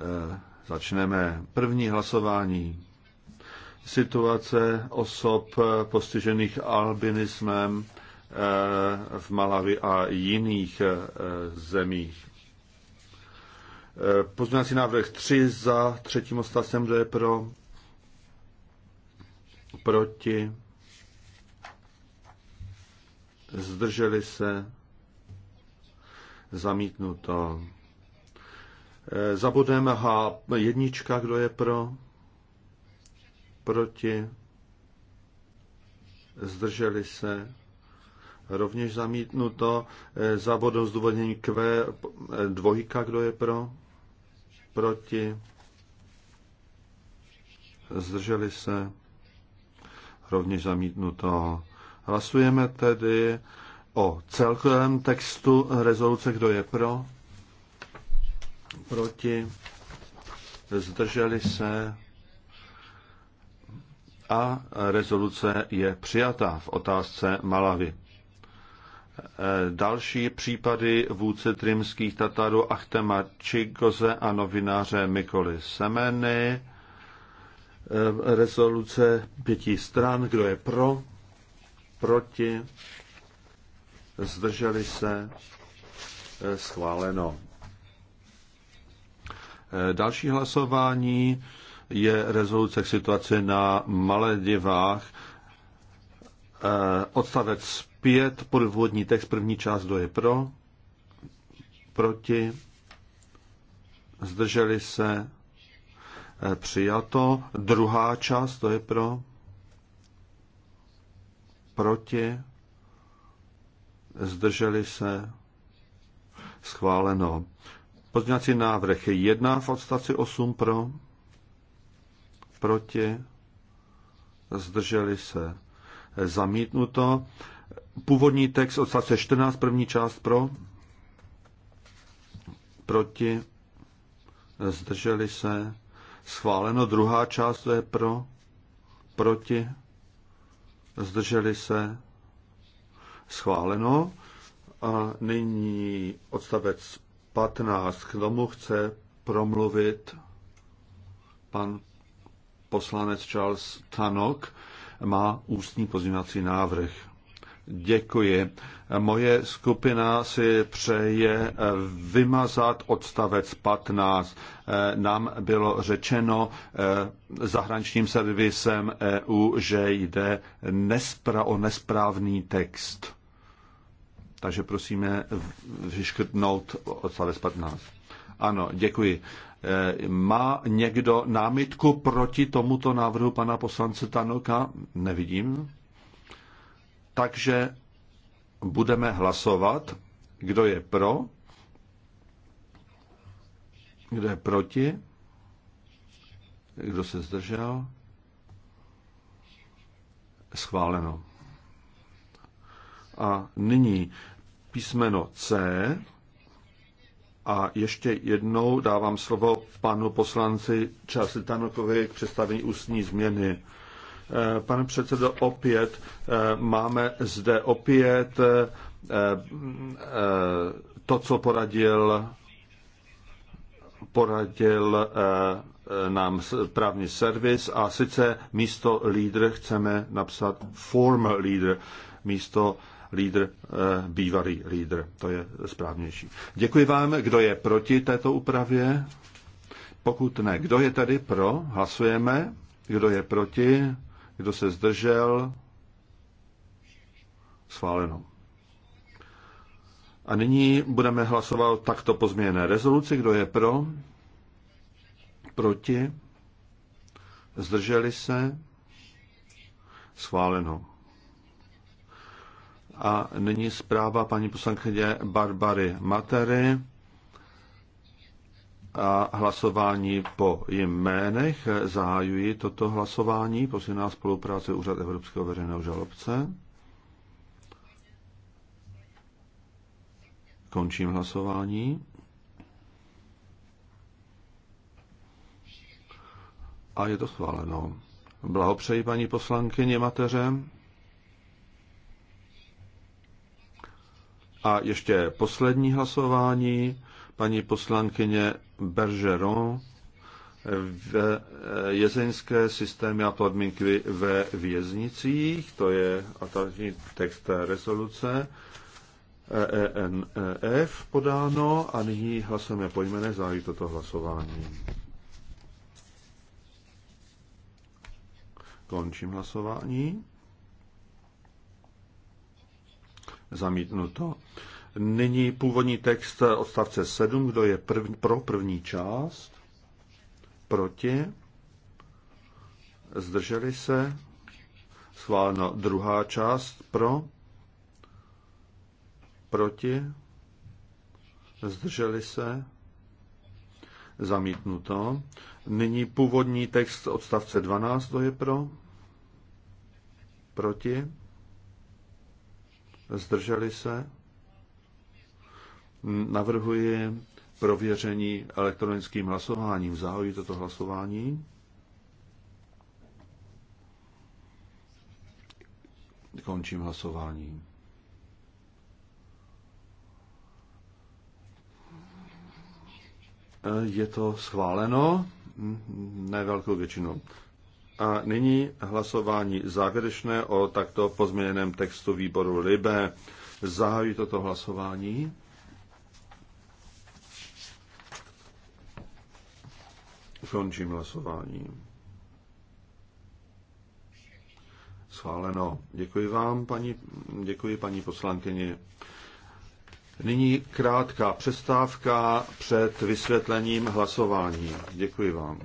Eh, začneme první hlasování. Situace osob eh, postižených albinismem eh, v Malavi a jiných zemích. Pozměňovací návrh 3 za třetím odstavcem, kdo je pro, proti, zdrželi se, zamítnuto. Za bodem H1, kdo je pro? Proti? Zdrželi se? Rovněž zamítnuto. Eh, Za bodem zdůvodnění Q, 2 eh, kdo je pro? Proti? Zdrželi se? Rovněž zamítnuto. Hlasujeme tedy o celkovém textu rezoluce, kdo je pro? proti, zdrželi se a rezoluce je přijatá v otázce Malavy. Další případy vůdce trimských Tatarů Achtema Čigoze a novináře Mikoly Semeny. Rezoluce pěti stran, kdo je pro, proti, zdrželi se, schváleno. Další hlasování je rezoluce k situaci na Maledivách. Eh, odstavec 5, podvodní text, první část, kdo je pro, proti, zdrželi se, eh, přijato. Druhá část, to je pro, proti, zdrželi se, schváleno. Pozměňovací návrh 1 v odstavci 8 pro, proti, zdrželi se, zamítnuto. Původní text odstavce 14, první část pro, proti, zdrželi se, schváleno. Druhá část je pro, proti, zdrželi se, schváleno. A nyní odstavec 15. K tomu chce promluvit pan poslanec Charles Tanok. Má ústní pozměňovací návrh. Děkuji. Moje skupina si přeje vymazat odstavec 15. Nám bylo řečeno eh, zahraničním servisem EU, že jde nespra- o nesprávný text. Takže prosíme vyškrtnout odstavec 15. Ano, děkuji. Eh, má někdo námitku proti tomuto návrhu pana poslance Tanoka? Nevidím. Takže budeme hlasovat. Kdo je pro? Kdo je proti? Kdo se zdržel? Schváleno. A nyní písmeno C. A ještě jednou dávám slovo panu poslanci Charlesi Tanokovi k představení ústní změny. Eh, pane předsedo, opět eh, máme zde opět eh, to, co poradil, poradil nám právní servis a sice místo lídr chceme napsat former leader místo lídr, eh, bývalý lídr. To je správnější. Děkuji vám. Kdo je proti této úpravě? Pokud ne, kdo je tady pro? Hlasujeme. Kdo je proti? Kdo se zdržel? Schváleno. A nyní budeme hlasovat takto pozměněné rezoluci. Kdo je pro? Proti? Zdrželi se? Schváleno. A nyní zpráva paní poslankyně Barbary Matery a hlasování po jménech. Zahajuji toto hlasování. nás spolupráce Úřad Evropského veřejného žalobce. Končím hlasování. A je to schváleno. Blahopřeji paní poslankyně mateře. A ještě poslední hlasování, paní poslankyně Bergeron, v eh, jezeňské systémy a podmínky ve věznicích, to je atraktivní text rezoluce, ENF e e podáno a nyní hlasujeme po jménech toto hlasování. Končím hlasování. zamítnuto. Nyní původní text odstavce 7, kdo je první, pro první část, proti, zdrželi se, schváleno druhá část pro, proti, zdrželi se, zamítnuto. Nyní původní text odstavce 12, kdo je pro, proti, zdrželi se. Navrhuji prověření elektronickým hlasováním. Zahojí toto hlasování. Končím hlasování. E, je to schváleno? Ne velkou většinou. A nyní hlasování závěrečné o takto pozměněném textu výboru Libe. Zahajuji toto hlasování. Končím hlasování. Schváleno. Děkuji vám, paní, děkuji paní poslankyni. Nyní krátká přestávka před vysvětlením hlasování. Děkuji vám.